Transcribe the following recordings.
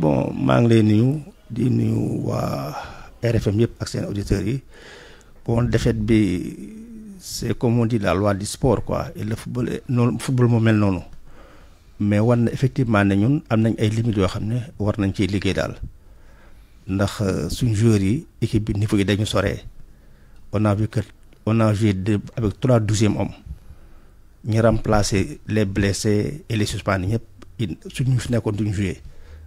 bon mang ngi lay nuyu di nuyu wa RFM yëpp ak sen auditeurs yi bon défaite bi c'est comme on dit la loi du sport quoi et le football non football mo mel non, mais war effectivement ne ñun am nañ ay limites yo xam ne war nañ ciy liggéey ndax euh, suñ joueur yi équipe bi niveau yi dañu soré on a vu que on a joué avec trois douzième hommes ñi remplacer les blessés et les suspendus ñep suñu fi nekkoon duñ jouer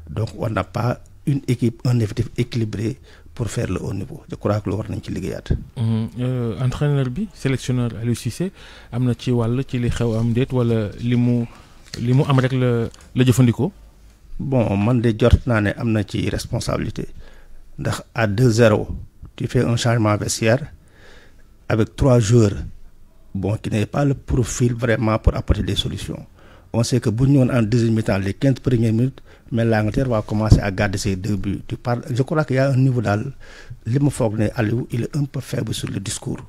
donc on n'a pas une équipe un effectif équilibré pour faire le haut niveau je crois que le war nañ ci liggéeyaat. Mhm. Euh, entraîneur bi sélectionneur le Cissé am na ci wàll ci li xew am déet wala li mu qu'il mu am rek choses la jëfandikoo. bon man de jort nané amna ci responsabilité ndax à 2-0 tu fais un changement vestiaire avec trois joueurs bon qui n'est pas le profil vraiment pour apporter des solutions on sait que bu ñu en deuxième mi-temps les 15 premières minutes mais l'Angleterre va commencer à garder ses deux buts. Tu parles, je crois qu'il y a un niveau dans l'hémophobie il est un peu faible sur le discours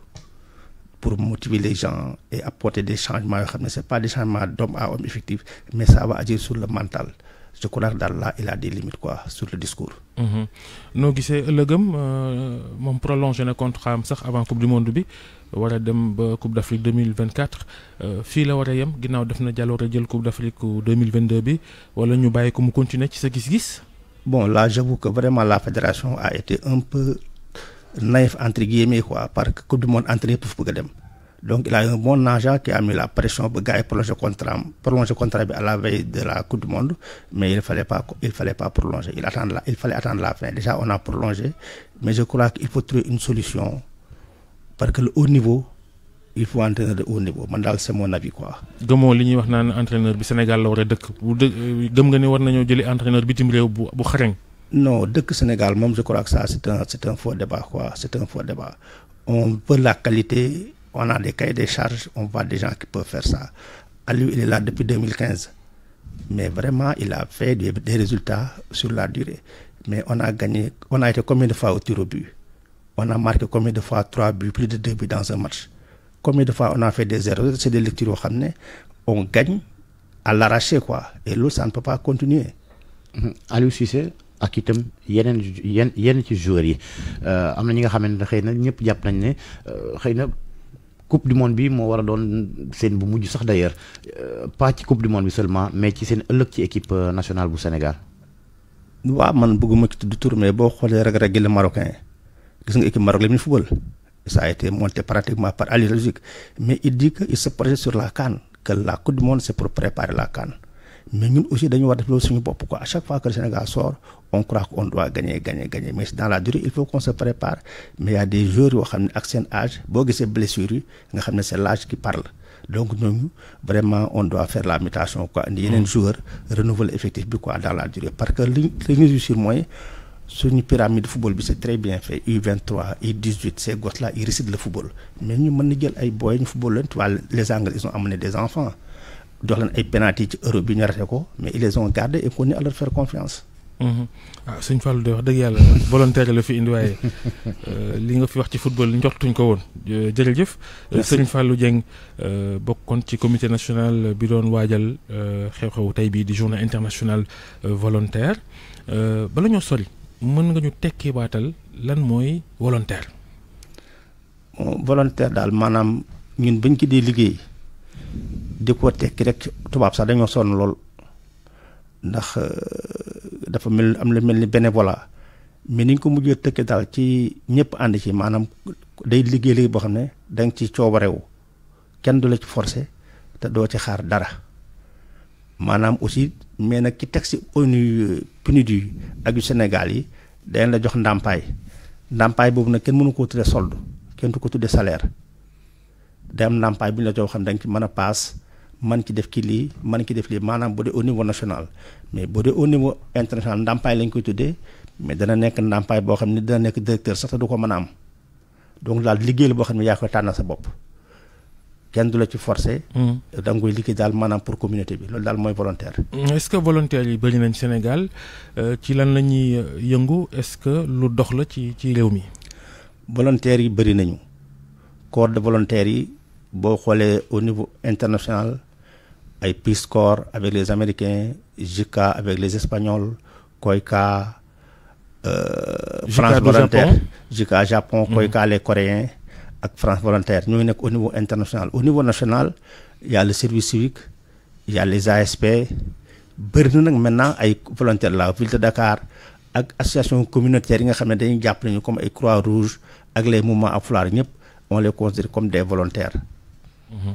pour motiver les gens et apporter des changements. Ce n'est pas des changements d'homme à homme effectifs, mais ça va agir sur le mental je crois que là il a des limites quoi sur le discours. Mhm. Nous le ëllëgëm euh, prolongé notre contrat avant la avant coupe du monde bi voilà dem coupe d'Afrique 2024 euh, fi la a coupe d'Afrique 2022 continué bi wala ñu ko mu continuer ci sa gis-gis. bon là j'avoue que vraiment la fédération a été un peu naïf entre guillemets quoi parce que coupe du monde entrée pouf dem. Donc, il a un bon agent qui a mis la pression pour prolonger le contrat, prolonger à la veille de la Coupe du Monde, mais il fallait pas, il fallait pas prolonger. Il, il fallait attendre la fin. Déjà, on a prolongé, mais je crois qu'il faut trouver une solution parce que le haut niveau, il faut entraîner de haut niveau. c'est mon avis quoi. Gëmo li que wax entraîneur Sénégal la wara vous nga ni war entraîneur Non, le Sénégal je crois que ça c'est un c'est un faux débat c'est un faux débat. On veut la qualité on a des cahiers des charges, on voit des gens qui peuvent faire ça. lui il est là depuis 2015. Mais vraiment, il a fait des, résultats sur la durée. Mais on a gagné, on a été combien de fois au tir au but On a marqué combien de fois 3 buts, plus de 2 buts dans un match Combien de fois on a fait des erreurs C'est des lectures au On gagne à l'arracher, quoi. Et l'autre, ça ne peut pas continuer. Mm-hmm. Aliou Suisse, ak itam yenn ci joueurs yi euh, am ñi nga ne ne euh, coupe du monde bi moo war a doon seen bu mujj sax d'ailleurs euh, pas ci coupe du monde bi seulement mais ci ci équipe euh, nationale bu Sénégal. man bëgguma ci tudd tour mais boo xoolee rek rek le marocain gis nga équipe Maroc la football ça a été monté pratiquement par Ali Razik mais il dit que il se projette sur la CAN que la coupe du monde c'est pour préparer la CAN. mais nous aussi dañu war def loolu suñu bop quoi à chaque fois que le Sénégal sort on croit qu'on doit gagner gagner gagner mais dans la durée il faut qu'on se prépare mais il y a des joueurs yo xamné un ak sen âge bo gissé blessures yi nga xamné c'est l'âge qui parle donc nous, vraiment on doit faire la mutation quoi indi mm. joueurs renouveler effectif bi quoi dans la durée parce que li li sur moi suñu pyramide football bi c'est très bien fait U23 U18 ces gosses là ils réussissent le football mais ñu mën na jël ay boy ñu football les Angles, ils ont amené des enfants jox leen ay penalty ci Europe bi ñu raté ko mais ils les ont gardés et continuent à leur faire confiance. waaw mhm. ah, sëñ Fallou de wax dëgg yàlla volontaire la fi indi waaye euh, li nga fi wax ci football njortuñ ko woon jërëjëf. sëñ Fallou Dieng euh, bokkoon ci comité national bi doon waajal euh, xew-xewu tey bii di journée internationale volontaire bala ñoo sori mën nga ñu tekki baatal lan mooy volontaire. volontaire daal maanaam ñun bañ ci di liggéey. di ko tekki rek tubaab sax dañoo sonn lool ndax euh, dafa mel am la mel ni bénévolat mais niñ ko mujjee tëkke daal ci ñëpp ànd ci maanaam day liggéey liggéey boo xam ne da nga ci coobarewu kenn du la ci forcé te doo ci xaar dara maanaam aussi mais nag ki teg si ONU PNUD yi ak yu Sénégal yi dañ la jox ndàmpaay ndàmpaay boobu nag kenn mënu koo tuddee solde kenn du ko tuddee salaire day am ndàmpaay bu ñu la jox xam dañ ci mën a man ki def ki lii man ki def lii maanaam bu dee au niveau national mais bu dee au niveau international ndàmpaay lañ koy tuddee mais dana nekk ndàmpaay boo xam ne dana nekk directeur sax du ko mën a am donc daal liggéey la boo xam ne yaa koy tànnal sa bopp kenn du la ci forcé hmm. da nga koy liggéey daal maanaam pour communauté bi loolu daal mooy volontaire. Hmm. est-ce que volontaire yi bëri nañ Sénégal euh, ci lan la ñuy yëngu est-ce que lu dox la ci ci réew mi. volontaire yi bëri nañu corps de volontaire yi boo xoolee au niveau international. ay Peace avec les Américains JICA avec les Espagnols COICA Euh, France volontaire JICA Japon COICA mm-hmm. les Coréens ak France volontaire nous sommes au niveau international au niveau national il y a le service civique il y a les ASP Nous maintenant ay volontaires la ville de Dakar ak l'association communautaire yi nga xam comme les Croix-Rouge avec les mouvements à foulard on les considère comme des volontaires. Mm-hmm.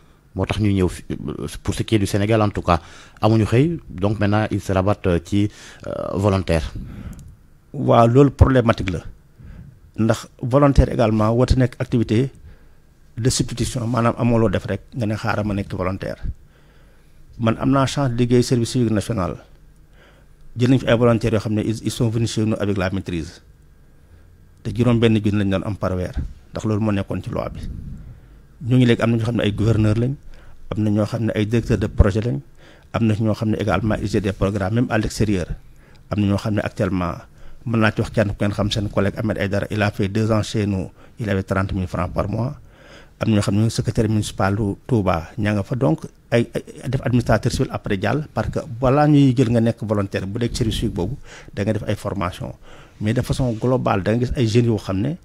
motax ñu ñëw pour ce qui est du Sénégal en tout cas amuñu xey donc maintenant ils se rabattent euh, ci euh, volontaire. wa loolu problématique la ndax volontaire également woote nek activité de substitution manam amoo def rek nga ne xaaral ma nek volontaire man amna chance liggéey service civique national jël nañ fi ay volontaires yo xamné ils sont venus chez nous avec la maîtrise te juróom benn junni lañ doon am par weer ndax loolu moo nekkoon ci loi bi. ñoo ñooñu léegi am na ñoo xam ne ay gouverneur lañ am na ñoo xam ne ay directeur de projet lañ am na ñoo xam ne également UG des programmes même am na ñoo xam ne actuellement mën naa ci wax kenn ku ngeen xam seen collègue Ahmed Aïdara il a fait deux ans chez nous il avait trente mille francs par mois am na ñoo xam ne secrétaire municipal lu Touba ñaa nga fa donc ay def administrateur civil après parce que balaa ñuy jël nga nekk volontaire bu dee service civique boobu da def ay formation mais de façon globale da nga ay jeunes yoo xam ne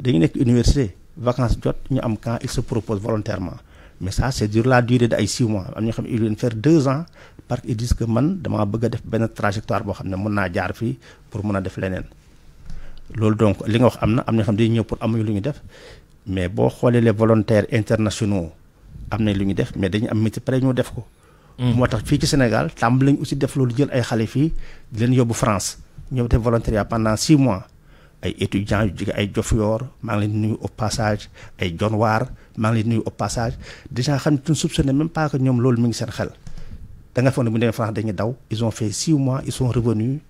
dañu nekk université vacance jot ñu am camp il se propose volontairement mais ça c'est sur la durée de ay six mois am ñoo xam ne ils viennent faire deux ans parce qu'ils disent man damaa bëgg a def benn trajectoire boo xam ne mën naa jaar fii pour mën a def leneen loolu donc li nga wax am na am na ñoo xam ne ñëw pour amuñu lu ñu def mais boo xooleelee volontaire volontaires internationaux am na lu ñu def mais dañu am métier pare ñoo def ko. Hmm. moo tax fii ci Sénégal tàmbali lañu aussi def loolu jël ay xale fii di leen France ñëw def volontariat pendant six mois. ay étudiants yu jóge ay Diofior maa ngi leen nuyu au passage ay John Waar maa ngi leen nuyu au passage déjà xam ne tu ne même pas que ñoom loolu mi ngi seen xel da nga foog bu ñu demee France dañuy daw ils ont fait six mois ils sont revenus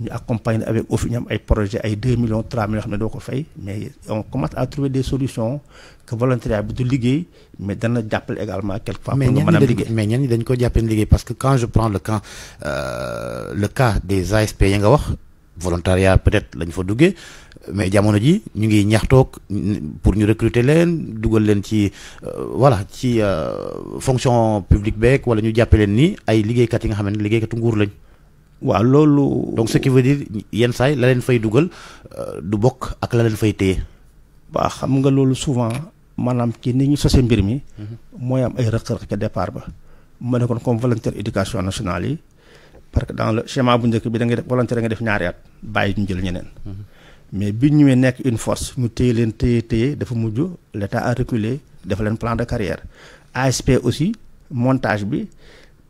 ñu accompagner avec au ñam ay projet ay 2 millions 3 millions xam ne doo ko fay mais on commence à trouver des solutions que volontariat bi du liggéey mais dana jàppale également quelque fois. pour nga mën a liggéey mais ñen ñi dañ ko jàppale liggéey parce que quand je prends le cas euh, le cas des ASP yi nga wax volontariat peut-être lañ fa duggee mais jamono ji ñu ngi ñaxtok pour ñu recruter leen dugal leen ci euh, voilà ci euh, fonction publique beeg wala ñu jàppe leen ni ay kat yi nga xam ne kat nguur lañ. wa lolu donc ce qui veut dire yenn say la leen fay dugal euh, du bokk ak la leen fay téye. ba xam nga lolu souvent manam ci ni ñu sose mbir mi. moy mhm. am ay rëq-rëq ca départ ba. mané kon comme volontaire éducation nationale yi. parce que dans le schéma bu njëkk bi da ngay def volontaire nga def ñaari at bàyyi ñu jël ñeneen mais bi ñëwee nekk une force ñu téye leen téye téye dafa mujj l' a reculé def leen plan de carrière asp aussi montage bi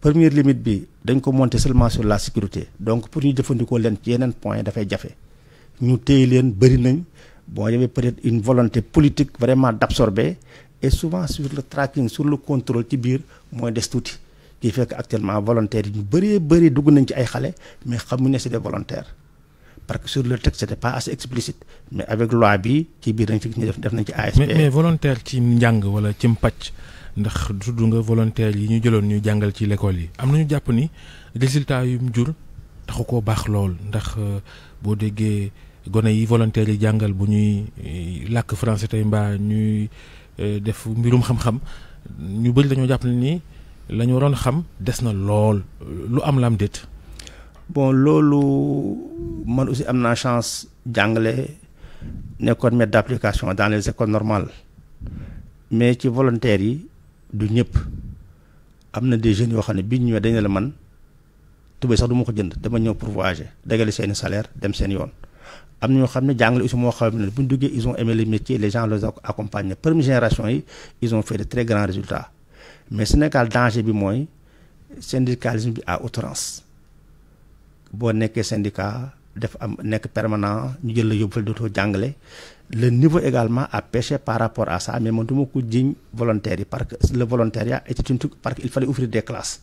première limite bi dañ ko monter seulement sur la sécurité donc pour ñu jëfandikoo leen ci yeneen point dafay jafe ñu téye leen bëri nañ bon y avait peut être une volonté politique vraiment d' et souvent sur le tracking sur le contrôle ci biir mooy des tuuti kii fekk actuellement volontaire yi ñu bëree bëri dugg nañ ci ay xale mais xamuñ ne si des volontaires parce que sur le texte c'était pas assez explicite mais avec loi bi ci biir dañ fi ñu def def nañ ci ASP. mais mais volontaire ci njàng wala ci mpàcc ndax tudd nga volontaire yi ñu jëloon ñuy jàngal ci l'école yi am nañu jàpp ni résultat yu mu jur taxu ko baax lool ndax euh, boo déggee gone yi volontaire yi jàngal bu ñuy euh, làkk français tey mbaa ñuy euh, def mbirum xam ñu bëri dañoo jàpp ni. la ñu waroon xam des na lool lu am lam am bon loolu man aussi am naa chance jàngale nekkoon maître d'application dans les écoles normales mais ci volontaire yi du ñëpp am na des jeunes yoo xam ne bi ñu ñëwee dañ la man tubéy sax du ma ko jënd dama ñëw pour voyager dagale seen salaire dem seen yoon am na ñoo xam ne jàngale aussi moo xam ne bu duggee ils ont aimé le métier les gens les accompagnent première génération yi ils ont fait de très grands résultats mais Sénégal danger bi moy syndicalisme bi à outrance bo nekkee syndicat def am nekk permanent ñu jël la yóbbu fële dootoo le niveau également a pêché par rapport à ça mais je ne suis ko jiñ volontaire parce que le volontariat était une truc parce qu'il fallait ouvrir des classes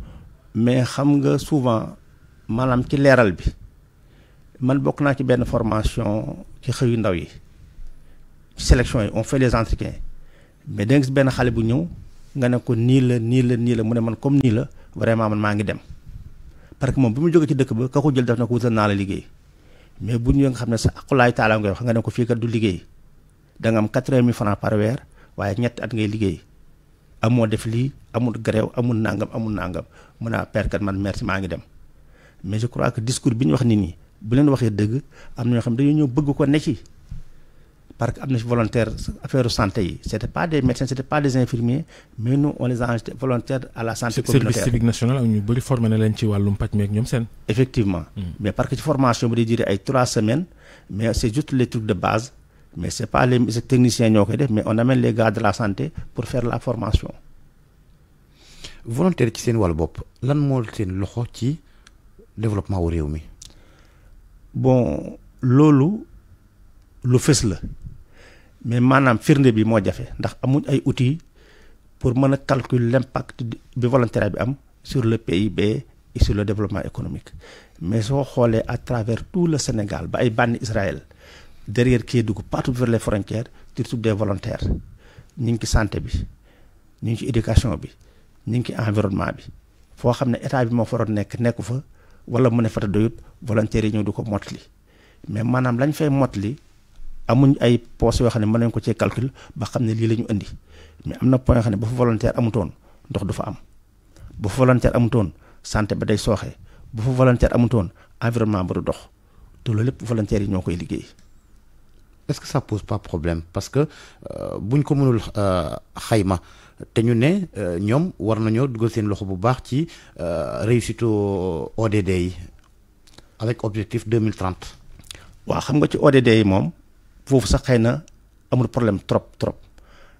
mais xam nga souvent maanaam ci leeral bi man bokk naa ci benn formation ci xëyu ndaw yi ci sélection yi on fait les entretiens mais da nga gis benn xale bu ñëw nga ne ko nii la nii la nii la mu ne man comme nii la vraiment man maa ngi dem parce que moom bi mu jógee ci dëkk ba ka ko jël def na ko wutal naa la liggéey mais bu ñu nga xam ne sa aqulaay taala ngay wax nga ne ko fii kat du liggéey danga am quatre-vingt mille francs waaye ñett at ngay liggéey amoo def lii amul grève amul nangam amul nangam mun ah, père perkat man merci maa ngi dem mais je crois que discours bi ñu wax ni ñi bu leen waxee dëgg am na ñoo xam dañoo ñëw bëgg ko ne ci parce que am na volontaire affaire santé yi c' était pas des médecins c' était pas des infirmiers mais nous on les a enregistrés volontaires à la santé communautaire service civique national am ñu bëri formé na leen ci wàllum pàcc meeg ñoom seen. effectivement hmm. mais parce que ci formation bi day durer ay trois semaines mais c' est juste les trucs de base. Mais ce n'est pas les, techniciens qui def, mais on amène les gars de la santé pour faire la formation. volontaire ci seen Wal bopp lan ils ont loxo le développement wu réew bon l'OLU, lu fës la mais maanaam firnde bi moo il ndax a des outils pour calculer l'impact du volontariat sur le PIB et sur le développement économique mais on xoolee à travers tout le Sénégal ba ay bànni Israël. derrière Kédougou partout vers les frontières surtout des volontaires ñu ngi ci santé bi ñu ngi ci éducation bi ñu ngi ci environnement bi foo xam ne état bi moo fa doon nekk nekku fa wala mu ne fa te doyut volontaires yi ñëw du ko mottali mais maanaam lañ fay mottali amuñ ay poste yoo xam ne mën nañ ko cee calcul ba xam ne lii la ñu indi am na point yoo xam ne ba fa volontaire amutoon ndox du fa am ba fa volontaire amutoon santé ba dey sooxee ba fa volontaire amutoon environnement ba du dox te loolu lépp volontaires yi ñoo koy liggéey. est-ce que ça pose pas problème parce que euh, buñ ko mënul euh, xayma té ñu né euh, ñom war nañu dugal seen loxo bu baax ci réussite ODD yi avec objectif 2030 wa xam nga ci ODD yi moom foofu sax xëy amul problème trop trop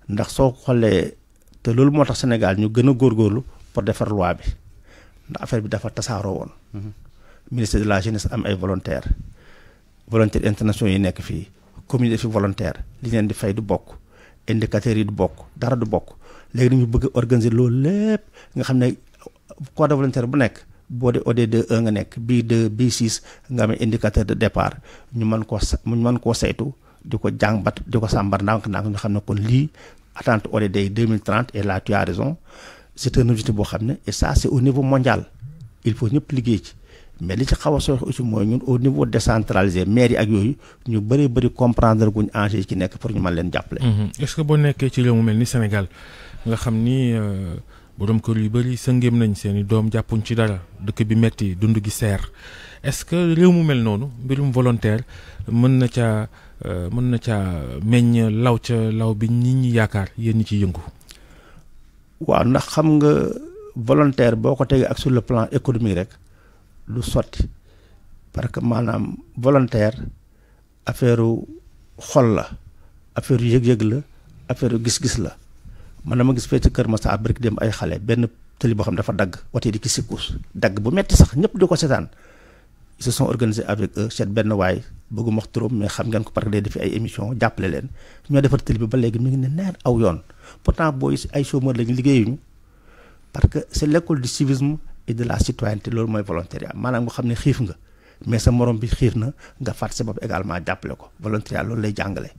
ndax soo xoolee te loolu moo tax Sénégal ñu gën a góorgóorlu pour defar loi bi ndax affaire bi dafa tasaaroo woon mhm. ministère de la jeunesse am ay volontaires volontaires internationaux yi nekk fii communes de volontaire li ñeen di fay du bokk indicateurs du bokk dara du bokk organiser loolu lépp de volontaire bu nekk ODD e nga 2 b 6 nga indicateur de départ ñu mën koo ñu mën koo saytu di ko jàngbat di ne kon ODD 2030 et là tu as raison c'est un objectif et ça c'est au niveau mondial il faut ñëpp liggéey mais li ci xaw a soxla aussi mooy ñun au niveau décentralisé maire yi ak yooyu ñu bëri bëri comprendre guñ enjeu yi ci nekk pour ñu mën leen jàppale. Mm-hmm. est-ce que boo nekkee ci réew mu mel ni Sénégal nga xam ni euh, boroom kër yu bëri sëngéem nañ seen i doom jàppuñ ci dara dëkk bi metti dund gi seer est-ce que réew mu mel noonu mbirum volontaire mën na ca euh, mën na caa meññ law ca law bi nit ñi yaakaar yéen ñi ciy yëngu. waaw ndax xam nga volontaire boo ko tegee ak sur le plan économie rek. du sotti parce que maanaam volontaire affaire xol la affaire yëg-yëg la affaire gis-gis la man dama gis fee ci Kër Masaar bari dem ay xale benn tëli boo xam dafa dagg wate di ki sikkuus dagg bu metti sax ñëpp di ko seetaan ils se sont organisés avec eux seet benn waay bëgguma wax trop mais xam ngeen ko parce que day def ay émission jàppale leen ñoo defar tëli bi ba léegi mu ngi ne neen aw yoon pourtant booy ay chômeur lañu liggéeyuñu et de la citoyenneté loolu moy volontariat manam nga xamné xif nga mais sa morom bi xiif na nga fàtt sa bopp également jàppale ko volontariat loolu lay jangalé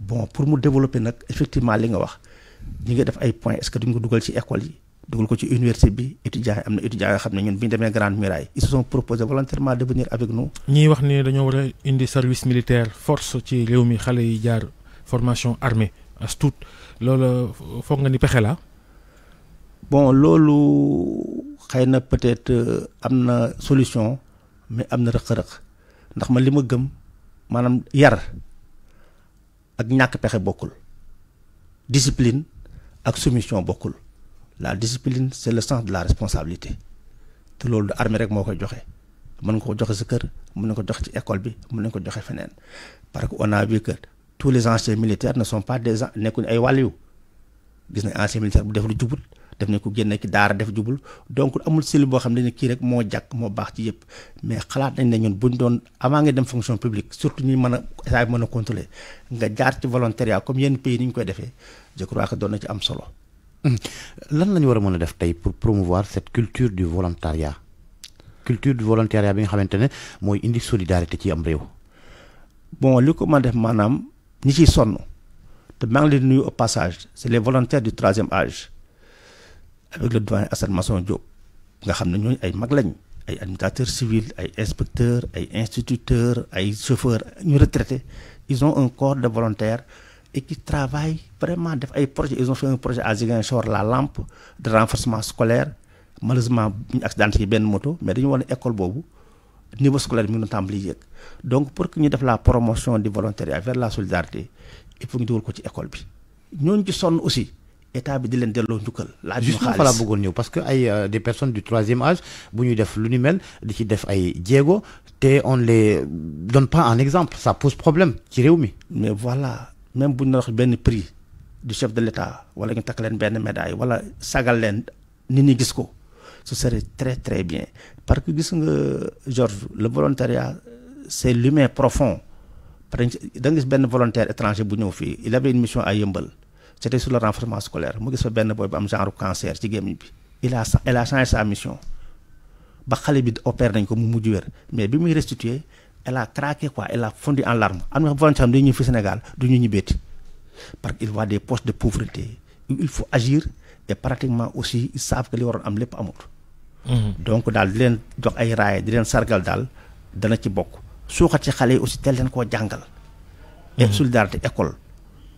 bon pour mu développer nak effectivement li nga wax ñi nga def ay points est-ce que duñ ko dugal ci école yi dugal ko ci université bi étudiants amna am na étudiants yoo xam ñun bi ñu Grande Muraille ils se sont proposés volontairement de venir avec nous. ñi wax ni dañu wara indi service militaire force ci réew mi xale yi jaar formation armée as tout loolu foog nga ni pexe la. bon loolu xëy peut-être euh, amna solution mais amna na rëq ndax man li gëm manam yar ak ñak pexé bokul discipline ak soumission bokul. la discipline c'est le sens de la responsabilité te loolu du armée rek moko joxé joxe mën ko joxé sa kër mën nga ko joxe ci école bi mën ko joxé fenen parce que on a vu que tous les anciens militaires ne sont pas des nekkuñu ay wàll yu gis nañ ancien militaire bu def lu jubut def nañ ko génne ci daara def jubul donc amul cellule boo xam ne kii rek moo jàkk moo baax ci yëpp mais xalaat nañ ne ñun buñ doon avant nga dem fonction publique surtout ñi mën a état bi mën a contrôler nga jaar ci volontariat comme yenn pays niñ koy defee je crois que doon na ci am solo. Hmm. lan lañ ñu war a mën a def tey pour promouvoir cette culture du volontariat culture du volontariat bi nga xamante ne mooy indi solidarité ci am réew. bon li ko mën a def maanaam ñi ciy sonn te maa ngi leen nuyu au passage c'est les volontaires du troisième âge avec le doyen à Masson Diop nga xamné ñoy ay mag lañ ay administrateurs civils ay inspecteurs ay instituteurs ay chauffeurs ñu retraités ils ont un corps de volontaires et qui travaillent vraiment def ay projets ils ont fait un projet à Ziguinchor la lampe de renforcement scolaire malheureusement ñu accidenté ci moto mais dañu une école Le niveau scolaire mi ngi tàmbali donc pour que ñu def la promotion des volontaires vers la solidarité il faut ñu nous ko ci école bi ñoon ci sonn aussi état bi di leen delloo njukkal. laaj ñu xaalis juste la bëggoon ñëw parce que ay euh, des personnes du troisième âge bu ñuy def lu ni mel di ci def ay jéego te on les donne pas en exemple ça pose problème ci réew mi. mais voilà même bu ñu wax benn prix du chef de l' état wala ñu takk leen benn médaille wala sagal leen ni ñi gis ko ce serait très très bien parce que gis nga Georges le volontariat c' est l'humain profond da nga gis benn volontaire étranger bu ñëw fii il avait une mission à Yëmbal c'était sur la renforcement scolaire mu gis fa benn boy bu am genre cancer ci gémmiñ bi il a elle a changé sa mission ba xale bi opère nañ ko mu mujj wér mais bi muy restituer elle a craqué quoi elle a fondu en larmes am na volonté xam dañuy ñëw fi Sénégal du ñu ñibbeeti parce qu'il voit des postes de pauvreté il faut agir et pratiquement aussi ils savent que li waroon am lépp amut. Mhm. donc daal di leen jox ay raaya di leen sargal daal dana ci bokk suuxat ci xale yi aussi teel leen koo jàngal. Mhm. et solidarité école.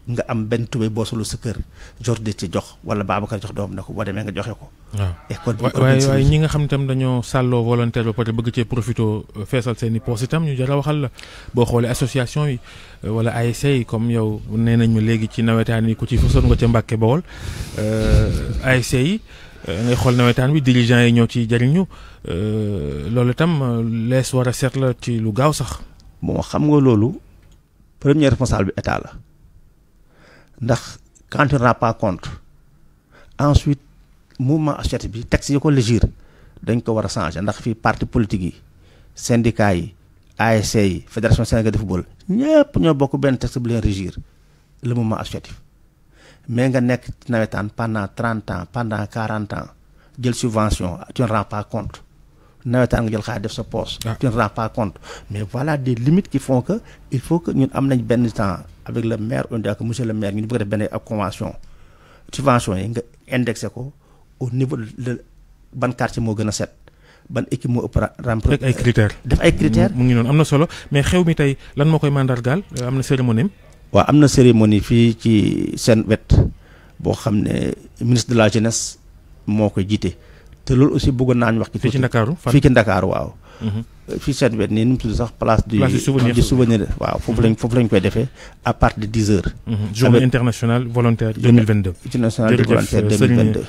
nga am benn tubéy boo solu sa kër jor di ci jox wala Babacar jox doom na ko boo demee nga joxe ko. waaw waaye waaye ñi nga xam tam dañoo sàlloo volontaire ba peut-être bëgg cee profité euh, feesal seen i poos itam ñu jar a waxal la boo xoolee association yi euh, wala ASC yi comme yow nee nañ ma léegi ci nawetaan yi ku ci fësoon nga ca Mbàkke Bawol euh, ASC yi. ngay xool nawetaan bi dirigeant yi ñoo ci jariñu loolu itam lees war a seet la ci lu gaaw sax. moo xam nga loolu premier responsable bi état la. ndax quand tu ne rends pas compte ensuite mouvement associatif bi texte yi ko légir dañ ko wara changer ndax parti politique yi syndicat yi fédération sénégalaise de football ñepp ñoo bokk de texte bu leen régir le mouvement associatif mais nga nekk de nawetaan pendant trente ans pendant 40 ans jël subvention tu ne rends pas compte nawetaan nga jël xaalis def sa poste ah. tu ne rends pas compte mais voilà des limites qui font que il faut que nous am bien benn temps avec le maire on dit que monsieur le maire ñu bëgg a def benn ak convention subvention yi nga indexé ko au niveau de ban quartier moo gën a set ban équipe mo ëpp rempli ay critères def ay critères mu ngi non amna solo mais xew mi tey lan mo koy mandargaal gal euh, na cérémonie wa amna cérémonie fi ci sen wet bo xamné ne ministre de la jeunesse moo koy jiite te loolu aussi bëgg nañ ñu wax. fi ci Ndakaaru fi ci Ndakaaru waaw. Mhm fii seen wet nous sommes sur place du du souvenir Il faut lañ foofu lañ koy fait, à partir de 10 heures mhm. journée internationale volontaire 2022 internationale volontaire 2022